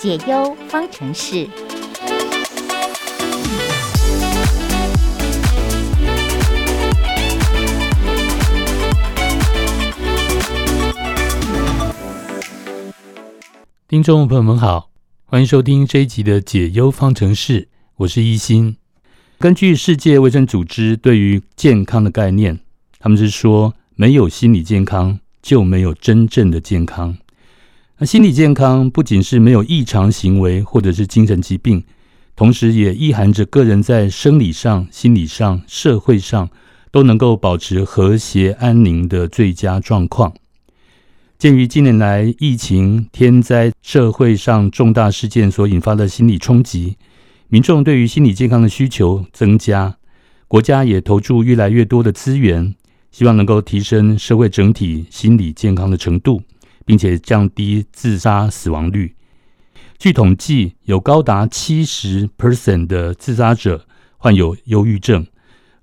解憂方程式，聽眾朋友們好，歡迎收聽這一集的解憂方程式，我是亦欣。根據世界衛生組織對於健康的概念，他們是說，沒有心理健康就沒有真正的健康。心理健康不僅是沒有異常行為，或者是精神疾病，同時也意涵着個人在生理上、心理上、社會上都能夠保持和諧安寧的最佳狀況。鑒於近年來疫情、天災、社會上重大事件所引發的心理衝擊，民眾對於心理健康的需求增加，國家也投注越來越多的資源，希望能夠提升社會整體心理健康的程度。並且降低自殺死亡率。據統計，有高達70%的自殺者患有憂鬱症，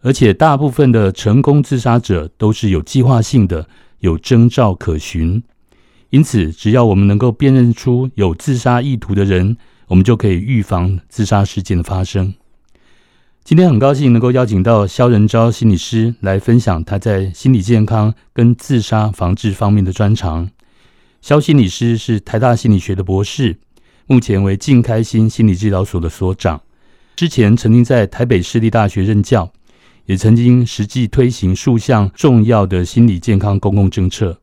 而且大部分的成功自殺者都是有計劃性的，有徵兆可循。因此，只要我們能夠辨認出有自殺意圖的人，我們就可以預防自殺事件的發生。今天很高興能夠邀請到蕭仁釗心理師來分享他在心理健康跟自殺防治方面的專長。蕭心理師是台大心理學的博士，目前為靜開心心理治療所的所長，之前曾經在台北市立大學任教，也曾經實際推行數項重要的心理健康公共政策。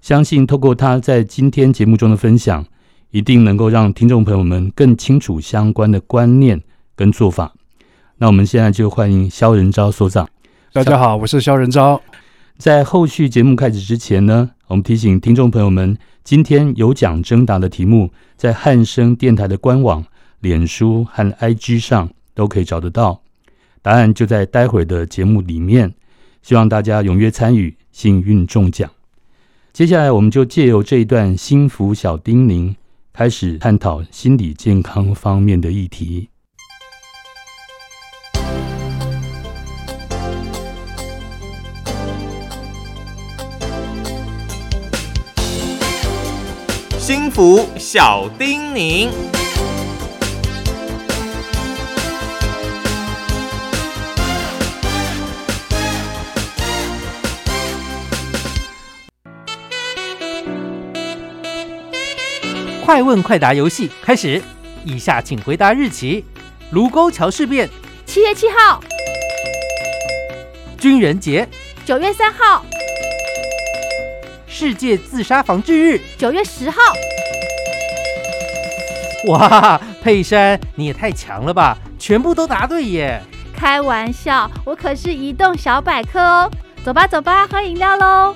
相信透過他在今天節目中的分享，一定能夠讓聽眾朋友們更清楚相關的觀念跟做法。那我們現在就歡迎蕭仁釗所長。大家好，我是蕭仁釗。在後續節目開始之前呢，我們提醒聽眾朋友們，今天有獎徵答的題目在漢聲電台的官網、臉書和 IG 上都可以找得到，答案就在待會的節目裡面。希望大家踴躍參與，幸運中獎。接下來，我們就借由這一段心福小叮嚀，開始探討心理健康方面的議題。幸福小叮嚀，快問快答遊戲開始。以下請回答日期：盧溝橋事變，七月七號；軍人節，九月三號。世界自殺防治日，九月十號。哇，佩珊，你也太強了吧！全部都答對耶！開玩笑，我可是移動小百科哦。走吧，走吧，喝飲料嘍。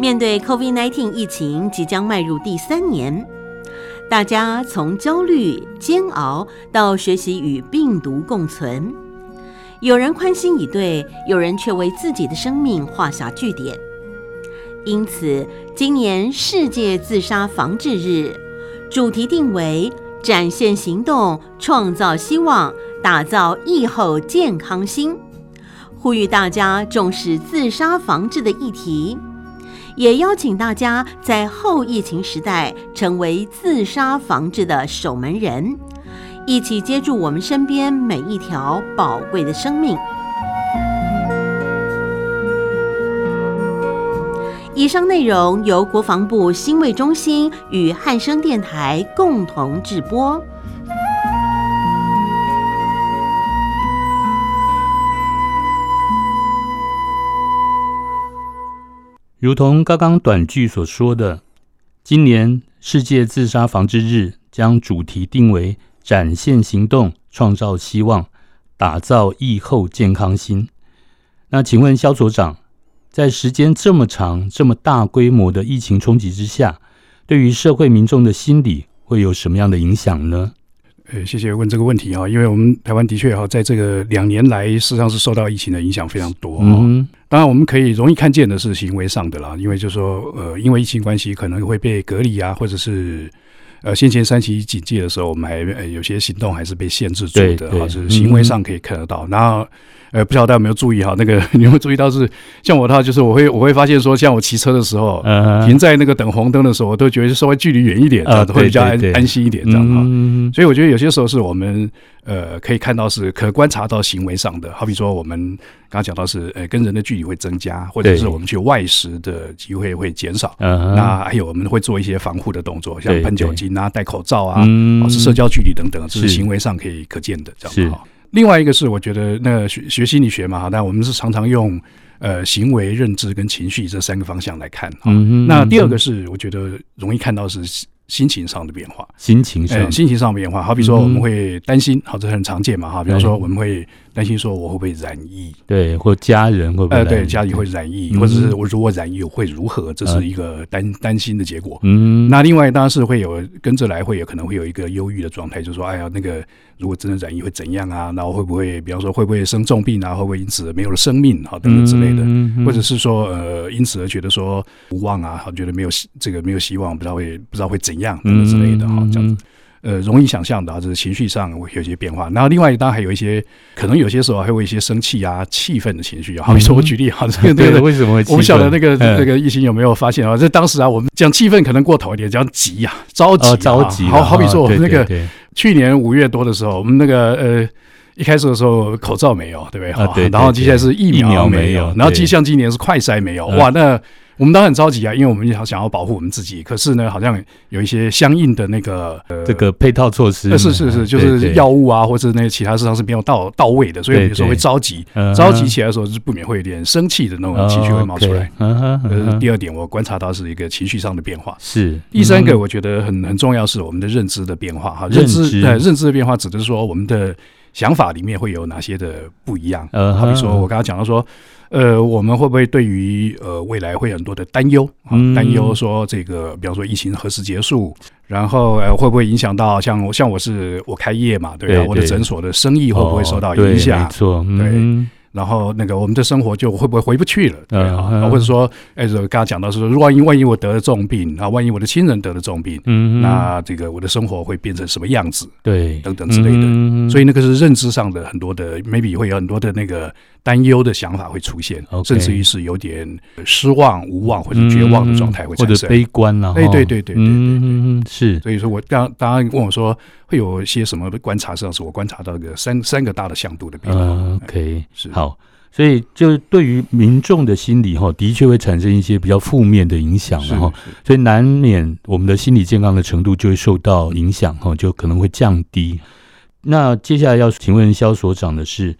面對 COVID-19 疫情即將邁入第三年，大家從焦慮煎熬到學習與病毒共存。有人寬心以對，有人卻為自己的生命畫下句點。因此，今年世界自殺防治日主題定為“展現行動，創造希望，打造疫後健康心”，呼籲大家重視自殺防治的議題，也邀請大家在後疫情時代成為自殺防治的守門人。一起接住我們身邊每一條寶貴的生命。以上內容由國防部心衛中心與漢聲電台共同制播。如同剛剛短劇所說的，今年世界自殺防治日將主題定為。展現行動，創造希望，打造疫後健康心。那請問蕭所長，在時間這麼長、這麼大規模的疫情衝擊之下，對於社會民眾的心理會有什麼樣的影響呢？呃，謝謝問這個問題啊，因為我們台灣的確哈，在這個兩年來，事實上是受到疫情的影響非常多。嗯，當然我們可以容易看見的是行為上的啦，因為就是說，呃，因為疫情關係，可能會被隔離啊，或者是。呃，先前三級警戒的時候，我們還、欸、有些行動還是被限制住的，哈，對就是行為上可以看得到。那。嗯嗯哎、呃，不曉得大家有沒有注意哈？那個，你有沒有注意到是像我的話，就是我會我會發現說，像我騎車的時候，uh huh. 停在那個等紅燈的時候，我都覺得稍微距離遠一點，它會、uh huh. 比較安、uh huh. 安心一點這樣哈。Uh huh. 所以我覺得有些時候是我們呃可以看到是可觀察到行為上的，好比說我們剛剛講到是，呃，跟人的距離會增加，或者是我們去外食的機會會減少。Uh huh. 那還有我們會做一些防護的動作，像噴酒精啊、uh huh. 戴口罩啊，uh huh. 保持社交距離等等，uh huh. 這是行為上可以可見的這樣子哈。Uh huh. 另外一個是，我覺得那學學心理學嘛，哈，但我們是常常用呃行為、認知跟情緒這三個方向來看，哈、嗯嗯。那第二個是，我覺得容易看到是心情上的變化，心情上、欸，心情上的變化。好比說，我們會擔心，嗯、哼好，這很常見嘛，哈。比方說，我們會擔心說我會不會染疫，對，或家人會不會染疫、呃，對，家裡會染疫，嗯、哼或者是我如果染疫我會如何？這是一個擔擔心的結果。嗯。那另外當然是會有跟着來，會有可能會有一個憂鬱的狀態，就是說，哎呀，那個。如果真的染疫會怎樣啊？那我會不會，比方說會不會生重病啊？會不會因此沒有了生命啊？等等之類的，嗯嗯、或者是說呃，因此而覺得說無望啊，覺得沒有這個沒有希望，不知道會不知道會怎樣等等之類的哈，這樣子、嗯嗯、呃容易想象的啊，就是情緒上會有，有一些變化。然後另外當然還有一些，可能有些時候還、啊、會有一些生氣啊、氣憤的情緒啊。好比說我舉例哈、那個，這個為什麼我不曉得那個那個疫情有沒有發現啊？在、嗯、當時啊，我們講氣氛可能過頭一點，講急啊、着急、啊、着、哦、急，好好比說我們那個。對對對。去年五月多的時候，我們那個呃，一開始的時候口罩沒有，對不對？啊，對，對，對。然後接下來是疫苗沒有，疫苗沒有，然後就像今年是快篩沒有，對哇，那。我們當然很着急啊，因為我們也想要保護我們自己。可是呢，好像有一些相應的那個、呃、這個配套措施、呃，是是是，就是藥物啊，對對對，或者那其他事項是沒有到到位的，所以有時候會着急着急起來的時候，就不免會有點生氣的那種情緒會冒出來。第二點，我觀察到是一個情緒上的變化。是、uh-huh, 第三個，我覺得很很重要是我們的認知的變化哈。認知呃知，認知的變化指的是說我們的想法裡面會有哪些的不一樣。呃、uh-huh，好比說我剛剛講到說。呃，我們會不會對於呃未來會有很多的擔憂啊？擔憂說這個，比方說疫情何時結束，然後呃會不會影響到像像我是我開業嘛，對吧、啊？對對對，我的診所的生意會不會受到影響？沒錯、哦，對。對嗯、然後那個我們的生活就會不會回不去了？對啊，啊然後或者說，哎、欸，就剛剛講到說萬一萬一我得了重病啊，萬一我的親人得了重病，嗯，那這個我的生活會變成什麼樣子？對，等等之類的。嗯、所以那個是認知上的很多的，maybe 會有很多的那個。擔憂的想法會出現，Okay 甚至於是有點失望、無望或者絕望的狀態會、嗯、或者悲觀了、啊。欸、對對對對，嗯，是。所以說我剛剛大家問我說，會有一些什麼觀察上是我觀察到個三三個大的向度的變化。Uh, OK，是好。所以就對於民眾的心理哈，的確會產生一些比較負面的影響哈。是是所以難免我們的心理健康的程度就會受到影響哈，就可能會降低。那接下來要請問蕭所長的是。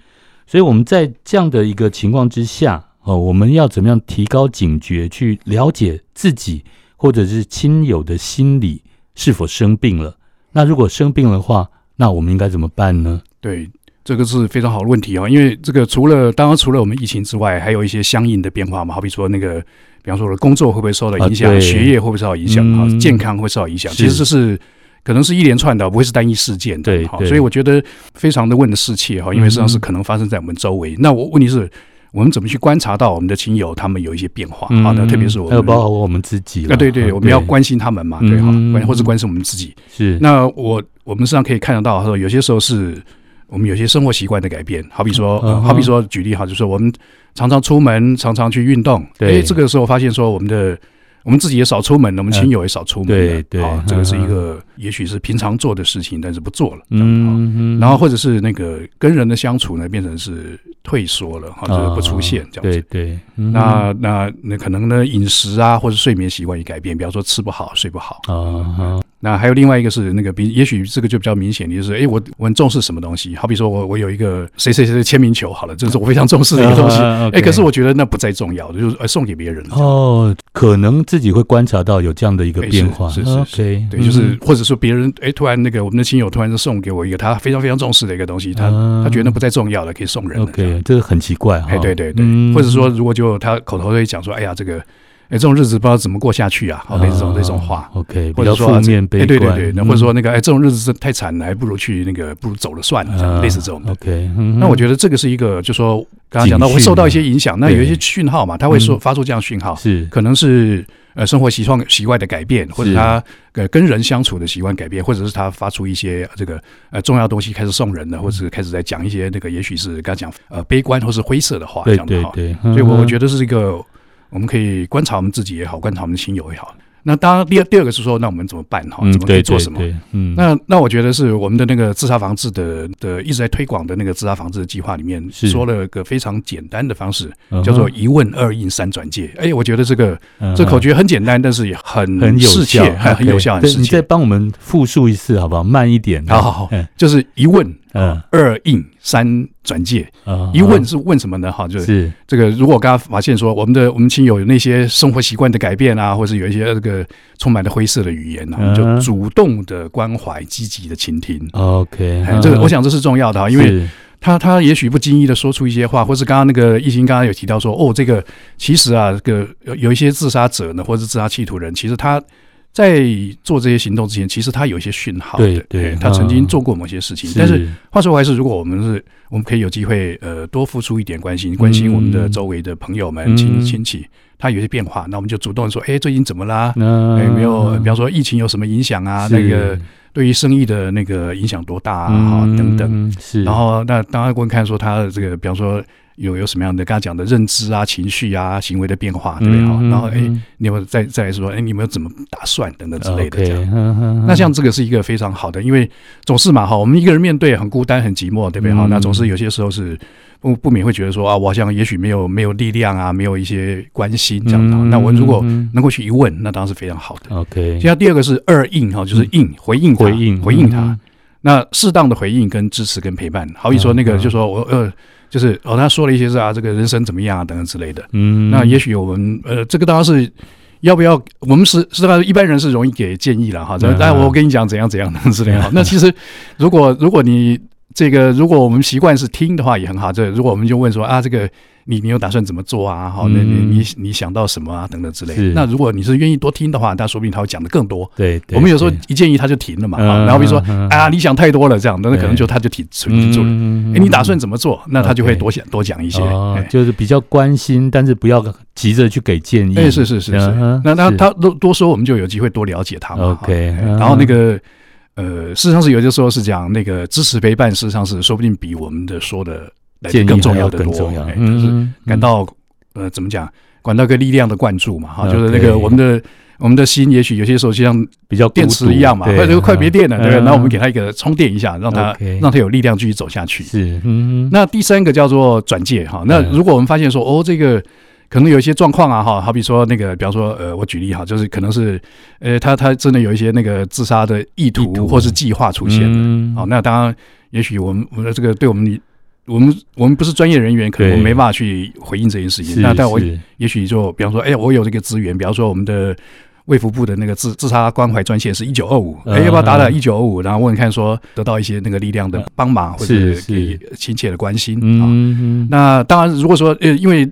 所以我們在這樣的一個情況之下，哦，我們要怎麼樣提高警覺，去了解自己或者是親友的心理是否生病了？那如果生病了的話，那我們應該怎麼辦呢？對，這個是非常好的問題啊、哦，因為這個除了當然除了我們疫情之外，還有一些相應的變化嘛，好比說那個，比方說我的工作會不會受到影響，啊、學業會不會受到影響，嗯、健康會受到影響，是其實這是。可能是一連串的，不會是單一事件，對，好，所以我覺得非常的問的事情哈，因為實際上是可能發生在我們周圍。嗯嗯，那我問題是，我們怎麼去觀察到我們的親友他們有一些變化那、嗯嗯、特別是我們，們包括我們自己、啊、對對，我們要關心他們嘛，對哈，關或者關心我們自己是。嗯嗯那我我們實際上可以看得到，說有些時候是我們有些生活習慣的改變，好比說，嗯嗯呃、好比說舉例哈，就是我們常常出門，常常去運動，哎，對 這個時候發現說我們的。我們自己也少出門，我們親友也少出門、嗯、對對對、哦，這個是一個，也許是平常做的事情，嗯、哼但是不做了。嗯嗯哼。然後或者是那個跟人的相處呢，變成是退縮了，哈、嗯哼，就是不出現、哦，這樣子。對對。嗯、那那那可能呢，飲食啊，或者睡眠習慣也改變，比方說吃不好，睡不好啊。嗯那還有另外一個是那個，比也許這個就比較明顯的就是，哎，我我很重視什麼東西，好比說我我有一個誰誰誰的簽名球，好了，這是我非常重視的一個東西。哎，可是我覺得那不再重要，就是送給別人了。哦，可能自己會觀察到有這樣的一個變化。是是是，是是是哦、okay, 對，就是或者說別人哎，突然那個我們的親友突然就送給我一個他非常非常重視的一個東西，他、哦、他覺得那不再重要了，可以送人這 OK，這個很奇怪哈，對對對，對，嗯、或者說如果就他口頭會講說，哎呀這個。這種日子不知道怎麼過下去啊！OK，這種這種話，OK，比較負面、悲觀，對對對，那或者說那個，哎，這種日子是太慘了，還不如去那個，不如走了算了，類似這種，OK。那我覺得這個是一個，就說剛剛講到會受到一些影響，那有一些訊號嘛，他會說發出這樣訊號，是可能是呃生活習慣習慣的改變，或者他跟人相處的習慣改變，或者是他發出一些這個呃重要東西開始送人的，或者是開始在講一些那個也許是剛剛講呃悲觀或是灰色的話，對對對，所以我我覺得是一個。我們可以觀察我們自己也好，觀察我們親友也好。那當然，第二第二個是說，那我們怎麼辦哈？怎麼可以做什麼？嗯，那那我覺得是我們的那個自殺防治的的一直在推廣的那個自殺防治的計劃裡面，是，說了個非常簡單的方式，叫做一問二應三轉介。哎，我覺得這個這口訣很簡單，但是也很很有效，很有效。你再幫我們復述一次好不好？慢一點。好好好，就是一問。哦、二應三轉介。嗯，一問是問什麼呢？哈、嗯，就是這個，如果剛剛發現說我們的我們親友有那些生活習慣的改變啊，或者是有一些這個充滿了灰色的語言，我們就主動的關懷，積極的傾聽。OK、嗯嗯、這個我想這是重要的哈，因為他是他也許不經意的說出一些話，或是剛剛那個亦欣剛剛有提到說哦，這個其實啊，這個有一些自殺者呢，或是自殺企圖人，其實他。在做這些行動之前，其實他有一些訊號對對、對、欸，他曾經做過某些事情。嗯、但是話說回來，是如果我們是，我們可以有機會，呃，多付出一點關心，關心我們的周圍的朋友們、親親戚，他有一些變化，那我們就主動說，哎、欸，最近怎麼啦、啊？有、嗯欸、沒有？比方說，疫情有什麼影響啊？是那個對於生意的那個影響多大啊？嗯哦、等等。是，然後那當他觀看說他的這個，比方說。有有什麼樣的剛才講的認知啊、情緒啊、行為的變化，對不對？哈，嗯嗯、然後哎、欸，你有沒有再再來說？哎、欸，你有沒有怎麼打算等等之類的？這樣，okay, 呵呵呵那像這個是一個非常好的，因為總是嘛，哈，我們一個人面對很孤單、很寂寞，對不對？哈，嗯、那總是有些時候是不不免會覺得說啊，我好像也許沒有沒有力量啊，沒有一些關心這樣的。嗯嗯那我如果能夠去一問，那當然是非常好的。OK，接下來第二個是二應哈，就是應、嗯、回應他，回應回應他，嗯嗯那適當的回應跟支持跟陪伴，好比說那個就是說我嗯嗯呃。就是哦，他說了一些是啊，這個人生怎麼樣啊等等之類的。嗯，那也許我們呃，這個當然是要不要？我們是是吧，一般人是容易給建議了哈。那、嗯、我跟你講怎樣怎樣，、嗯、樣之類、嗯、那其實如果如果你。這個如果我們習慣是聽的話也很好。這如果我們就問說啊，這個你你有打算怎麼做啊？好，那你你你想到什麼啊？等等之類。那如果你是願意多聽的話，那說不定他會講得更多。對，我們有時候一建議他就停了嘛。然後比如說啊，你想太多了這樣，那可能就他就停停住了。你打算怎麼做？那他就會多想多講一些，就是比較關心，但是不要急着去給建議。對，是是是是。那他他多多說，我們就有機會多了解他。OK，然後那個。呃，事實上是有些時候是講那個支持陪伴，事實上是說不定比我們的說的來得更重要的多。更重要，就感到呃，怎麼講，管道、跟力量的灌注嘛，哈，就是那個我們的我們的心，也許有些時候就像比較電池一樣嘛，快就快沒電了，對，那我們給他一個充電一下，讓他讓他有力量繼續走下去。是，那第三個叫做轉介哈，那如果我們發現說，哦，這個。可能有一些狀況啊，哈，好比說那個，比方說，呃，我舉例哈，就是可能是，呃，他他真的有一些那個自殺的意圖或是計劃出現嗯。好、哦，那當然，也許我們我們的這個對我們，我們我們不是專業人員，可能我們沒辦法去回應這件事情。對那但我也許就比方說，哎、欸，我有這個資源，比方說我們的衛福部的那個自自殺關懷專線是一九二五，哎、欸，要不要打打一九二五，然後問看說得到一些那個力量的幫忙或者是給親切的關心嗯。哦、嗯那當然，如果說呃，因為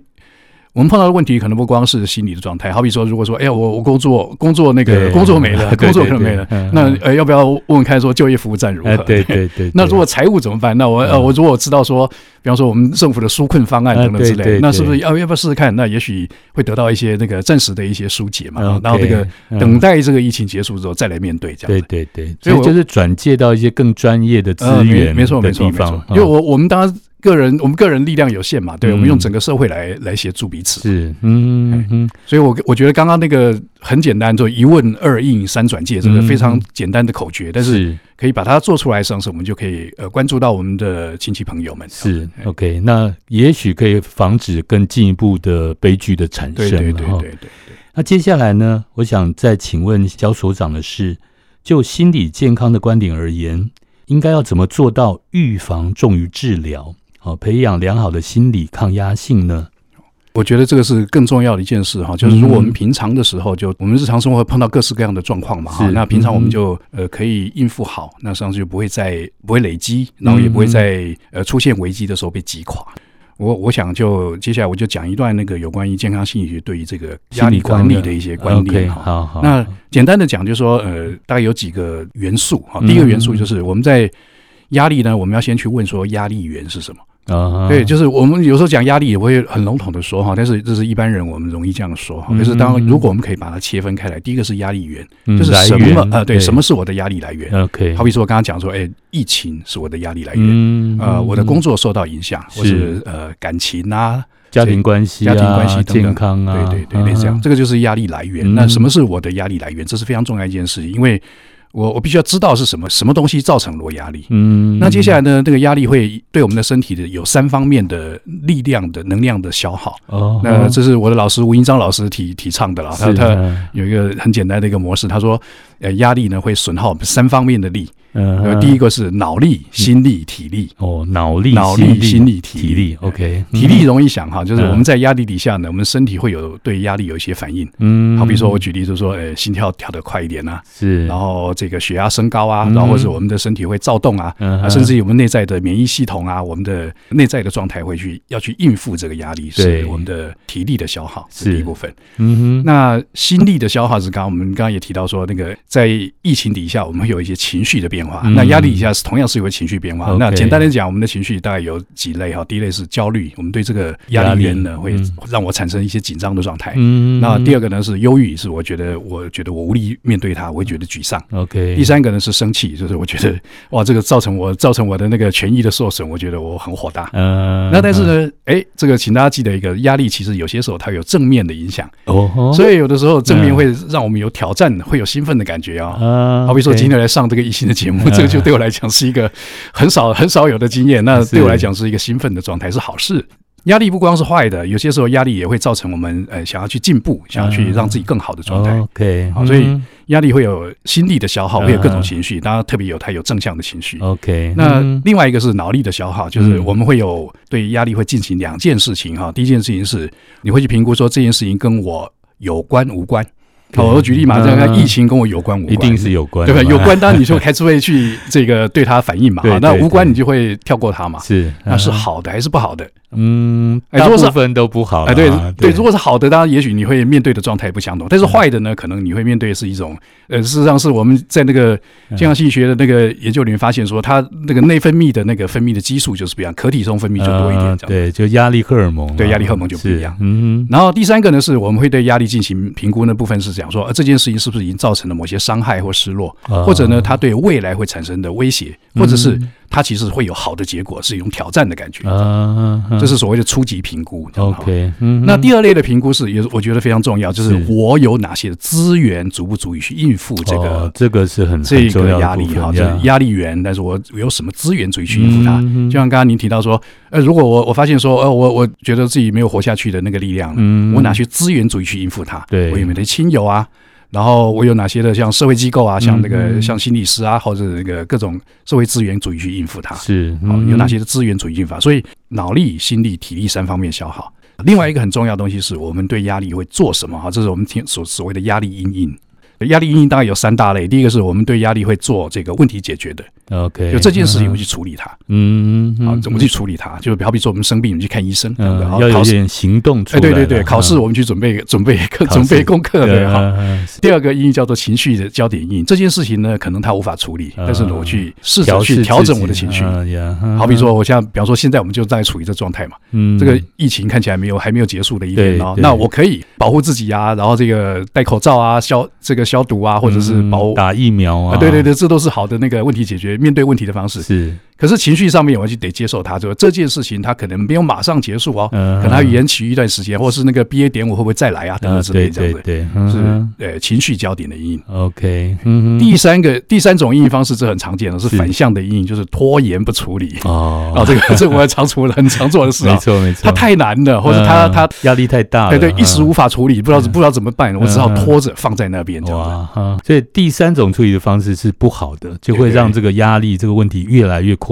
我們碰到的問題可能不光是心理的狀態，好比說，如果說，哎呀，我我工作工作那個對工作沒了，對對對工作可能沒了，對對對那要不要問問看說就業服務站如何？對，對對對。 那如果財務怎麼辦？那我呃、嗯、我如果知道說，比方說我們政府的紓困方案等等之類的，嗯、對對對那是不是要要不要試試看？那也許會得到一些那個暫時的一些疏解嘛，對對對然後這個、嗯、等待這個疫情結束之後再來面對這樣子。對，對對對，所以就是轉介到一些更專業的資源的地方、呃、沒錯沒錯沒錯，因為我我們當時。個人，我們個人力量有限嘛，對，嗯、我們用整個社會來來協助彼此。是，嗯嗯，所以我我覺得剛剛那個很簡單，就一問二應三轉介，這個非常簡單的口訣，嗯、但是可以把它做出來，上次我們就可以呃關注到我們的親戚朋友們。是，OK，那也許可以防止更進一步的悲劇的產生。對對，對對對對對。那接下來呢，我想再請問蕭所長的是，就心理健康的觀點而言，應該要怎麼做到預防重於治療？好，培養良好的心理抗壓性呢，我覺得這個是更重要的一件事哈。就是如果我們平常的時候就，就我們日常生活會碰到各式各樣的狀況嘛哈，是那平常我們就呃可以應付好，那實際上就不會再不會累積，然後也不會在、嗯、哼呃出現危機的時候被擊垮。我我想就接下來我就講一段那個有關於健康心理學對於這個壓力管理的一些觀念理 okay，好，好。那簡單的講，就是說呃大概有幾個元素哈，第一個元素就是我們在壓力呢，我們要先去問說壓力源是什麼。對，就是我們有時候講壓力也會很籠統的說哈，但是這是一般人我們容易這樣說哈。就是當如果我們可以把它切分開來，第一個是壓力源，就是什麼？呃，對，什麼是我的壓力來源？OK，好比說我剛剛講說，哎，疫情是我的壓力來源，呃，我的工作受到影響，或是呃感情啊、家庭關係、家庭關係、健康啊，對對對，這樣，這個就是壓力來源。那什麼是我的壓力來源？這是非常重要一件事情，因為。我我必須要知道是什麼什麼東西造成了我壓力，嗯，那接下來呢，嗯，這個壓力會對我們的身體的有三方面的力量的能量的消耗。哦，那這是我的老師吳英章老師提提倡的啦，他他有一個很簡單的一個模式，他說，呃，壓力呢會損耗我們三方面的力。嗯，第一個是腦力、心力、體力。哦，腦力、腦力、心力、體體力。OK，體力容易想哈，就是我們在壓力底下呢，我們身體會有對壓力有一些反應。嗯，好，比如說我舉例就是說，呃、哎，心跳跳得快一點吶、啊，是。然後這個血壓升高啊，然後或者我們的身體會躁動啊，啊，甚至於我們內在的免疫系統啊，我們的內在的狀態會去要去應付這個壓力，是我們的體力的消耗是第一部分。嗯哼，那心力的消耗是剛，剛我們剛剛也提到說，那個在疫情底下，我們會有一些情緒的變化。變化，那壓力一下是同樣是有個情緒變化。那簡單的講，我們的情緒大概有幾類哈。第一類是焦慮，我們對這個壓力源呢，會讓我產生一些緊張的狀態。嗯。那第二個呢是憂鬱，是我覺得，我覺得我無力面對它，我會覺得沮喪。OK。第三個呢是生氣，就是我覺得哇，這個造成我造成我的那個權益的受損，我覺得我很火大。嗯。那但是呢，哎，這個請大家記得一個壓力，其實有些時候它有正面的影響。哦。所以有的時候正面會讓我們有挑戰，會有興奮的感覺啊。啊。好比說今天來上這個亦欣的節目。這個就對我來講是一個很少很少有的經驗，嗯、那對我來講是一個興奮的狀態，是好事。是壓力不光是壞的，有些時候壓力也會造成我們呃想要去進步，想要去讓自己更好的狀態。嗯、OK，、嗯、好，所以壓力會有心力的消耗，嗯、會有各種情緒，當然特別有它有正向的情緒。OK，、嗯、那另外一個是腦力的消耗，就是我們會有對於壓力會進行兩件事情哈。嗯、第一件事情是你會去評估說這件事情跟我有關無關。我舉例嘛，嗯、這樣，疫情跟我有關無關？一定是有關，對吧？有關，當然你就開資會去這個對他反應嘛。 對對對，那無關，你就會跳過他嘛。是，那是好的還是不好的？嗯，大部分都不好哎。哎，對對，對，如果是好的，當然也許你會面對的狀態不相同。但是壞的呢，是可能你會面對的是一種，呃，事實上是我們在那個健康心理學的那個研究裡面發現說，嗯、它那個內分泌的那個分泌的激素就是不一樣，可體中分泌就多一點。嗯、對，就壓力荷爾蒙，嗯、對壓力荷爾蒙就不一樣。嗯，然後第三個呢，是我們會對壓力進行評估的部分是講說，呃，這件事情是不是已經造成了某些傷害或失落，嗯、或者呢，它對未來會產生的威脅，或者是、嗯。它其實會有好的結果，是一種挑戰的感覺啊，啊啊，這是所謂的初級評估。嗯、OK，嗯、那第二類的評估是也，我覺得非常重要，就是我有哪些資源足不足以去應付這個？哦、這個是很這個壓力哈，壓力源，但是我有什麼資源足以去應付它？嗯、哼就像剛剛您提到說，呃，如果我我發現說，呃，我我覺得自己沒有活下去的那個力量、嗯、哼我哪些資源足以去應付它？對，我有沒有親友啊？然後我有哪些的像社會機構啊，像那個像心理師啊，或者那個各種社會資源主義去應付他，是、嗯哦、有哪些的資源主義進法？所以腦力、心力、體力三方面消耗。另外一個很重要的東西是我們對壓力會做什麼？這是我們聽所所謂的壓力因應。壓力因應大概有三大類，第一個是我們對壓力會做這個問題解決的，OK，就這件事情我們去處理它，嗯，好怎麼去處理它，就好比說我們生病，我們去看醫生，要有點行動出來對對對，考試我們去準備準備準備準備功課，對好。第二個，因應叫做情緒的焦點因應。這件事情呢，可能他無法處理，但是呢，我去試着去調整我的情緒。好比說，我像，比方說，現在我們就在處於這狀態嘛，嗯，這個疫情看起來沒有還沒有結束的一天哦，那我可以保護自己啊，然後這個戴口罩啊，消這個。消毒啊，或者是保、嗯、打疫苗啊，呃、對對對，這都是好的那個問題解決、面對問題的方式。是。可是情緒上面，我就得接受他就這件事情，他可能沒有馬上結束哦，可能他延期一段時間，或是那個畢業典禮會不會再來啊，等等之類這樣。對，是，呃、情緒焦點的因應。OK，第三個第三種因應方式是很常見的，是反向的因應，就是拖延不處理哦。啊，這個這我常做，很常做的事啊。沒錯沒錯，他太難了，或者他他壓力太大，對對，一時無法處理，不知道不知道怎麼辦，我只好拖着放在那邊。對吧，所以第三種處理的方式是不好的，就會讓這個壓力這個問題越來越擴。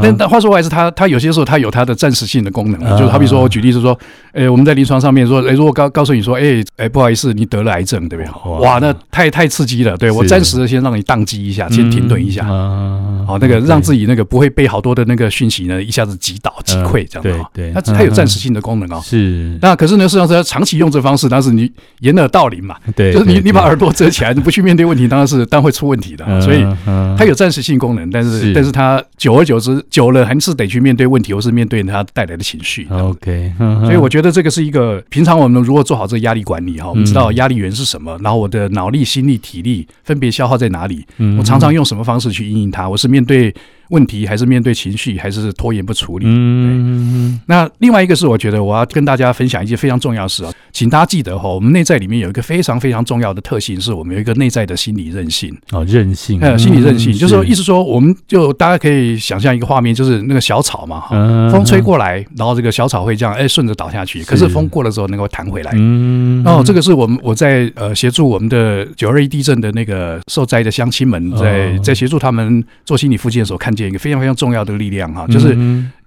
但但話說回來，是它它有些時候，它有它的暫時性的功能，就是好比說我舉例是說，哎我們在臨床上面說，哎如果告告訴你說，哎，哎，不好意思，你得了癌症，對不對？哇，那太太刺激了，對，我暫時的先讓你宕機一下，先停頓一下，好，那個讓自己那個不會被好多的那個訊息呢一下子擊倒擊潰這樣哈。對，它它有暫時性的功能啊。是。那可是呢，事實上他長期用這方式，但是你掩耳盜鈴嘛，對，就是你你把耳朵遮起來，你不去面對問題，當然是當然會出問題的。所以它有暫時性功能，但是但是它久而久。我是久了還是得去面對問題，或是面對他帶來的情緒。OK，呵呵所以我覺得這個是一個平常我們如果做好這個壓力管理哈，我們、嗯、知道壓力源是什麼，然後我的腦力、心力、體力分別消耗在哪裡，嗯、哼我常常用什麼方式去因應它？我是面對問題還是面對情緒，還是拖延不處理？嗯，那另外一個是，我覺得我要跟大家分享一件非常重要的事啊，請大家記得哈、哦，我們內在裡面有一個非常非常重要的特性，是我們有一個內在的心理韌性、哦、性啊，韌性，心理韌性，嗯、就是說是意思說，我們就大家可以想象一個畫面，就是那個小草嘛，哦嗯、風吹過來，然後這個小草會這樣哎，順、欸、着倒下去，可是風過了之後能夠彈回來，嗯，然後、哦、這個是我們我在呃協助我們的九二一地震的那個受災的鄉親們在，哦、在在協助他們做心理復健的時候看。一個非常非常重要的力量哈，就是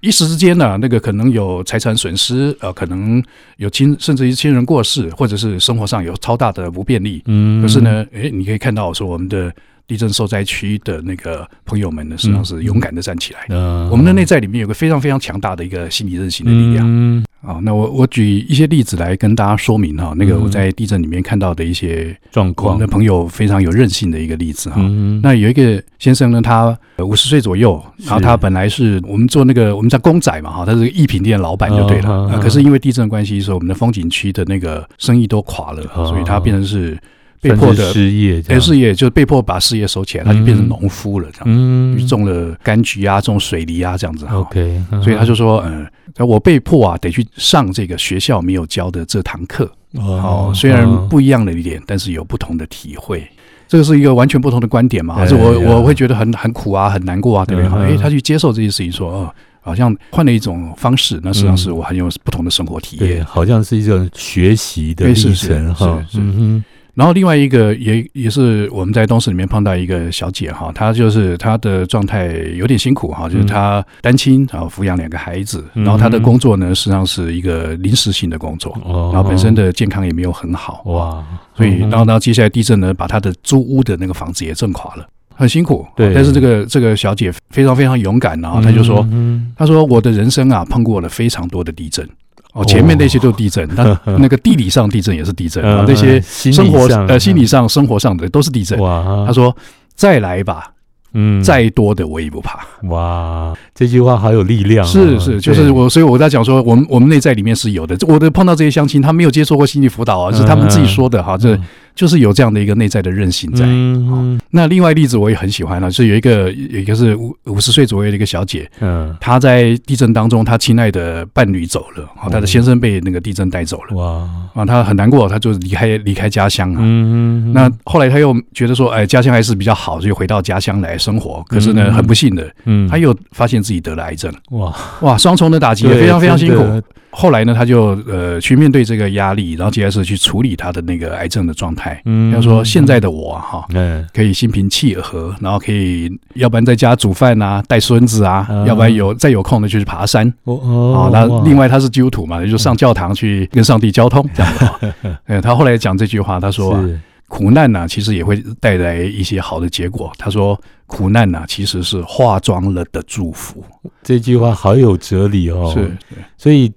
一時之間呢，啊，那個可能有財產損失，呃，可能有親，甚至於親人過世，或者是生活上有超大的不便利。嗯，可是呢，誒，你可以看到我說，我們的地震受災區的那個朋友們呢，實際上是勇敢的站起來。嗯，我們的內在裡面有個非常非常強大的一個心理韌性的力量。嗯嗯啊、哦，那我我舉一些例子來跟大家說明哈、哦，那個我在地震裡面看到的一些狀況，我們的朋友非常有韌性的一個例子哈、哦。嗯嗯，那有一個先生呢，他五十歲左右，然後他本來是我們做那個我們叫公仔嘛哈，他是個藝品店的老闆就對了、哦啊啊啊呃、可是因為地震的關係，所以我們的風景區的那個生意都垮了，所以他變成是。被迫的失業，失業就是被迫把事業收起來，他就變成農夫了，種了柑橘啊，種水梨啊這樣子。OK，所以他就說：“嗯，我被迫啊，得去上這個學校沒有教的這堂課。哦，雖然不一樣的一點，但是有不同的體會。這個是一個完全不同的觀點嘛？還是我我會覺得很很苦啊，很難過啊？對不對？哎，他去接受這件事情，說哦，好像換了一種方式。那實際上是我很有不同的生活體驗，好像是一種學習的歷程哈。”嗯哼。然後另外一個也也是我們在東市裡面碰到一個小姐哈，她就是她的狀態有點辛苦哈，就是她單親啊，然後撫養兩個孩子，然後她的工作呢實際上是一個臨時性的工作，然後本身的健康也沒有很好哇，哦，所以然後，然後接下來地震呢把她的租屋的那個房子也震垮了，很辛苦，對，但是這個對這個小姐非常非常勇敢，然後她就說，她說我的人生啊碰過了非常多的地震。哦，前面那些都是地震，那、哦、那個地理上地震也是地震，呵呵那些生活呃、嗯、心理上生活上的都是地震。哇哈 他說：“再來吧。”嗯，再多的我也不怕。哇，這句話好有力量、啊。是是，就是我，對所以我在講說，我們我們內在裡面是有的。我的碰到這些鄉親，他沒有接受過心理輔導啊，嗯、是他們自己說的哈、啊，嗯、就是就是有這樣的一個內在的韌性在。嗯。嗯那另外一例子我也很喜歡了、啊，就是有一個有一個是五五十歲左右的一個小姐，嗯，她在地震當中，她親愛的伴侶走了，她的先生被那個地震帶走了。嗯、哇，啊，她很難過，她就離開離開家鄉啊。嗯,嗯,嗯那後來她又覺得說，哎，家鄉還是比較好，就回到家鄉來。生活，可是呢，很不幸的，嗯，他又發現自己得了癌症，哇哇，雙重的打擊，也非常非常辛苦。後來呢，他就呃去面對這個壓力，然後接着是去處理他的那個癌症的狀態。嗯，比方說現在的我哈，嗯，可以心平氣和，然後可以，要不然在家煮飯啊，帶孫子啊，要不然有再有空的就去爬山。哦哦，那另外他是基督徒嘛，就上教堂去跟上帝交通，這樣子，嗯，他後來講這句話，他說苦難呢，其實也會帶來一些好的結果。他說。苦難吶、啊，其實是化妝了的祝福。這句話好有哲理哦！是，所以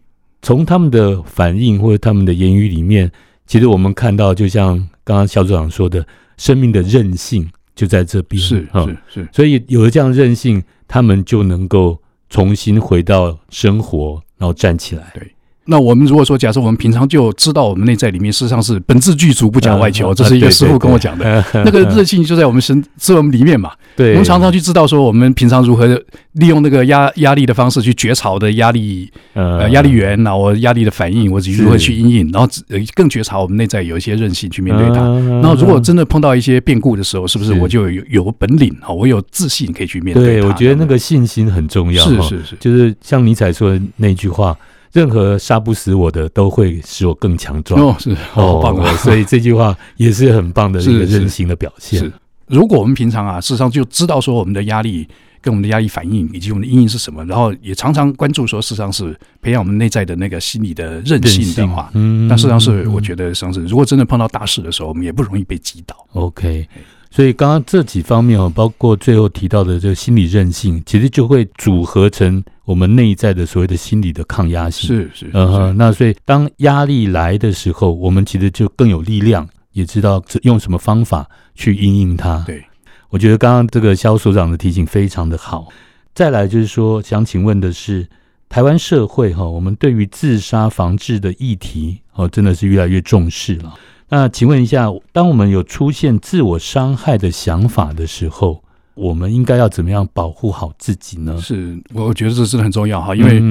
從他們的反應或者他們的言語裡面，其實我們看到，就像剛剛蕭組長說的，生命的韌性就在這邊。是是是，嗯，所以有了這樣韌性，他們就能夠重新回到生活，然後站起來。對。那我們如果說，假設我們平常就知道我們內在裡面事實上是本自具足，不講外求，這是一個師父跟我講的。那個韌性就在我們身、在我們裡面嘛。對，我們常常去知道說，我們平常如何利用那個壓壓力的方式去覺察的壓力，呃，壓力源，那我壓力的反應，我如何去因應，然後更覺察我們內在有一些韌性去面對它。然後如果真的碰到一些變故的時候，是不是我就有有本領啊？我有自信可以去面對。對，嗯、我覺得那個信心很重要。是是是，是，就是像尼采說的那句話。任何殺不死我的，都會使我更強壯。Oh，好棒哦，是，哦，很棒。所以這句話也是很棒的一個韌性的表現，是是。是，如果我們平常啊，事實上就知道說我們的壓力跟我們的壓力反應以及我們的陰影是什麼，然後也常常關注說，事實上是培養我們內在的那個心理的韌性的話，嗯，但事實上是我覺得，上次如果真的碰到大事的時候，我們也不容易被擊倒。OK。所以剛剛這幾方面哦，包括最後提到的這個心理韌性，其實就會組合成我們內在的所謂的心理的抗壓性。是是,是，嗯、呃，那所以當壓力來的時候，我們其實就更有力量，也知道這用什麼方法去因應對它。對，我覺得剛剛這個蕭所長的提醒非常的好。再來就是說，想請問的是，台灣社會哈、哦，我們對於自殺防治的議題哦，真的是越來越重視了。那請問一下，當我們有出現自我傷害的想法的時候，我們應該要怎麼樣保護好自己呢？是，我覺得這是很重要哈，因為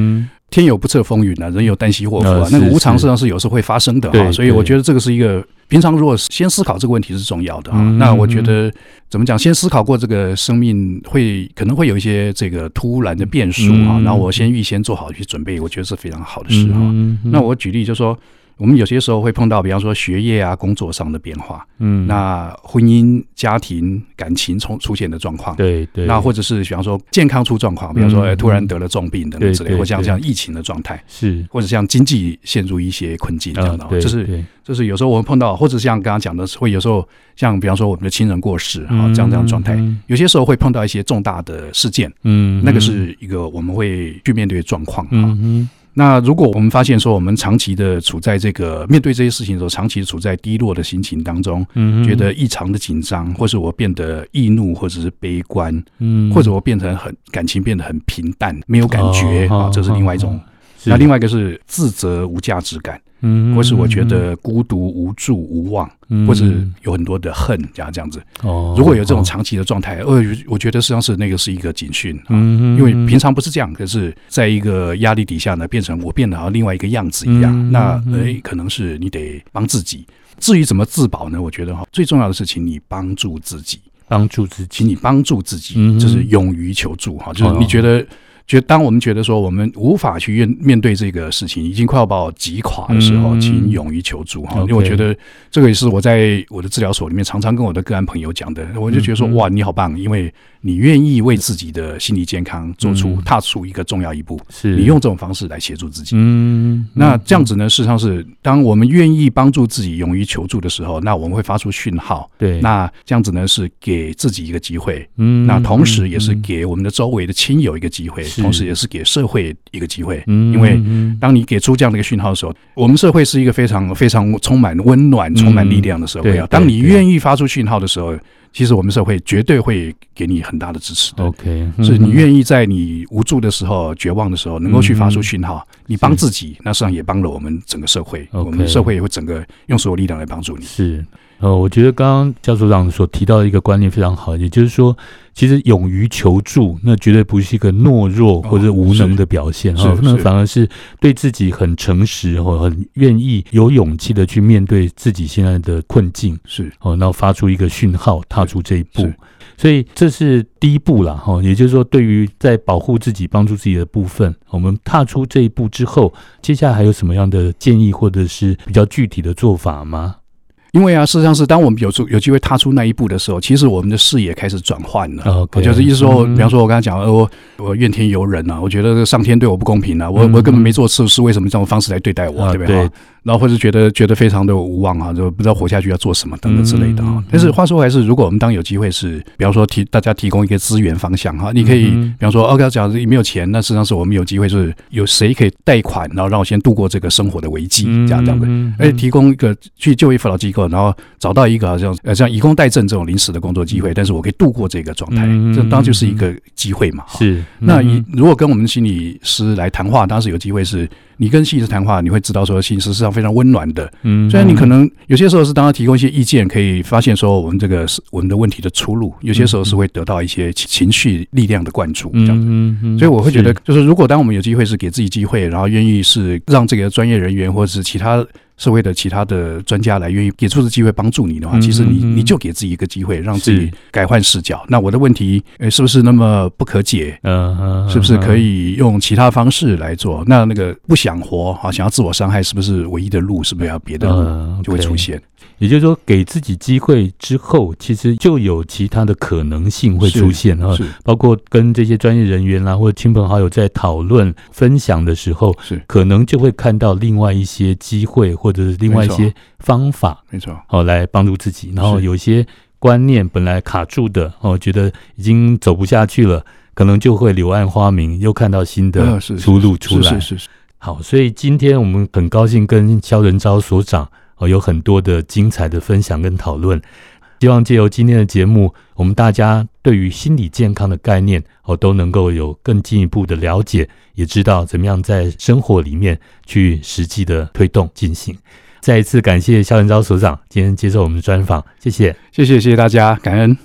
天有不測風雲，人有旦夕禍福啊，嗯、那個無常實際上是有時會發生的哈。是是，所以我覺得這個是一個平常如果先思考這個問題是重要的啊。那我覺得怎麼講，先思考過這個生命會可能會有一些這個突然的變數啊。那、嗯、我先預先做好一些準備，我覺得是非常好的事哈。嗯、那我舉例就是說，我們有些時候會碰到，比方說學業啊、工作上的變化，嗯，那婚姻、家庭、感情出出現的狀況，對對，那或者是比方說健康出狀況，比方說、哎、突然得了重病等等之類，或者像像疫情的狀態，是或者像經濟陷入一些困境這樣的，就是就是有時候我們碰到，或者像剛剛講的，會有時候像比方說我們的親人過世啊，這樣這樣狀態，有些時候會碰到一些重大的事件，嗯，那個是一個我們會去面對的狀況，嗯。那如果我們發現說，我們長期的處在這個，面對這些事情的時候，長期處在低落的心情當中，覺得異常的緊張，或是我變得易怒，或者是悲觀，或者我變得很，感情變得很平淡，沒有感覺啊，這是另外一種。那另外一個是自責、無價值感，嗯是，或是我覺得孤獨、無助、無望，嗯、或者有很多的恨，這樣這樣子。哦，如果有這種長期的狀態、哦哦，我覺得實際上是那個是一個警訊、嗯、因為平常不是這樣，可是在一個壓力底下呢，變成我變得好像另外一個樣子一樣。嗯、那、欸、可能是你得幫自己。至於怎麼自保呢？我覺得哈、哦，最重要的是請你幫助自己，幫助自，請你幫助自己，就是勇於求助哈，哦、就是你覺得。就當我們覺得說我們無法去面面對這個事情，已經快要把我擊垮的時候，請勇於求助哈，嗯，因為我覺得這個也是我在我的治療所裡面常常跟我的個案朋友講的，我就覺得說哇，你好棒，因為。你願意為自己的心理健康做出踏出一個重要一步，是、嗯、你用這種方式來協助自己。嗯，嗯，那這樣子呢，事實上是當我們願意幫助自己、勇於求助的時候，那我們會發出訊號。對，那這樣子呢，是給自己一個機會。嗯，那同時也是給我們的周圍的親友一個機會，嗯、同時也是給社會一個機會。嗯是，因為當你給出這樣的一個訊號的時候，嗯、我們社會是一個非常非常充滿溫暖、充滿力量的社會啊。嗯、對對，當你願意發出訊號的時候。其實我們社會絕對會給你很大的支持的 OK，、嗯、是你願意在你無助的時候、絕望的時候，能夠去發出訊號，嗯、你幫自己，是那實際上也幫了我們整個社會。Okay, 我們社會也會整個用所有力量來幫助你。是。哦，我覺得剛剛教授長所提到的一個觀念非常好，也就是說，其實勇於求助，那絕對不是一個懦弱或者無能的表現哦，哦，那反而是對自己很誠實哦，很願意有勇氣的去面對自己現在的困境是哦，然後發出一個訊號，踏出這一步，所以這是第一步啦，哈、哦。也就是說，對於在保護自己、幫助自己的部分，我們踏出這一步之後，接下來還有什麼樣的建議或者是比較具體的做法嗎？因為啊，事實上是，當我們有出有機會踏出那一步的時候，其實我們的視野開始轉換了。哦 Okay.、啊，就是意思說，比方說我剛才講，我、哦、我怨天尤人啊，我覺得上天對我不公平啊，我我根本沒做錯事，是為什麼這種方式來對待我，啊、對不吧對？然後或者覺得覺得非常的無望啊，就不知道活下去要做什麼等等之類的、嗯、但是話說回來是，是如果我們當有機會是，比方說提大家提供一個資源方向哈，你可以、嗯、比方說，OK，、啊、假如，你沒有錢，那事實上是我們有機會是，有誰可以貸款，然後讓我先度過這個生活的危機，這樣、嗯、這樣。子，哎、嗯，提供一個去就業輔導機構。然後找到一個好像呃像以工代賑這種臨時的工作機會，但是我可以度過這個狀態，這當然就是一個機會嘛。是，嗯、那你如果跟我們心理師來談話，當時有機會是你跟心理師談話，你會知道說心理師實際上非常溫暖的。嗯，雖然你可能有些時候是當他提供一些意見，可以發現說我們這個我們的問題的出路，有些時候是會得到一些情緒力量的灌注這樣子。嗯嗯嗯、所以我會覺得，就是如果當我們有機會是給自己機會，然後願意是讓這個專業人員或者是其他。社會的其他的專家來願意給出的機會幫助你的話，嗯嗯嗯，其實你你就給自己一個機會，讓自己改換視角。是。那我的問題，哎、欸，是不是那麼不可解？嗯、啊，啊啊、是不是可以用其他方式來做？那那個不想活啊，想要自我傷害，是不是唯一的路？是不是要、啊、別的路就會出現、啊 okay？也就是說，給自己機會之後，其實就有其他的可能性會出現啊，是是包括跟這些專業人員啦，或者親朋好友在討論分享的時候，是可能就會看到另外一些機會或。或者是另外一些方法沒錯，沒錯，哦，來幫助自己。錯然後有些觀念本來卡住的，哦，覺得已經走不下去了，可能就會柳暗花明，又看到新的出路出來。是是、嗯、是。是是是是好，所以今天我們很高興跟蕭仁釗所長哦，有很多的精彩的分享跟討論。希望借由今天的節目，我們大家對於心理健康的概念哦都能夠有更進一步的了解，也知道怎麼樣在生活裡面去實際的推動進行。再一次感謝蕭仁釗所長今天接受我們的專訪，謝謝，謝謝，謝謝大家，感恩。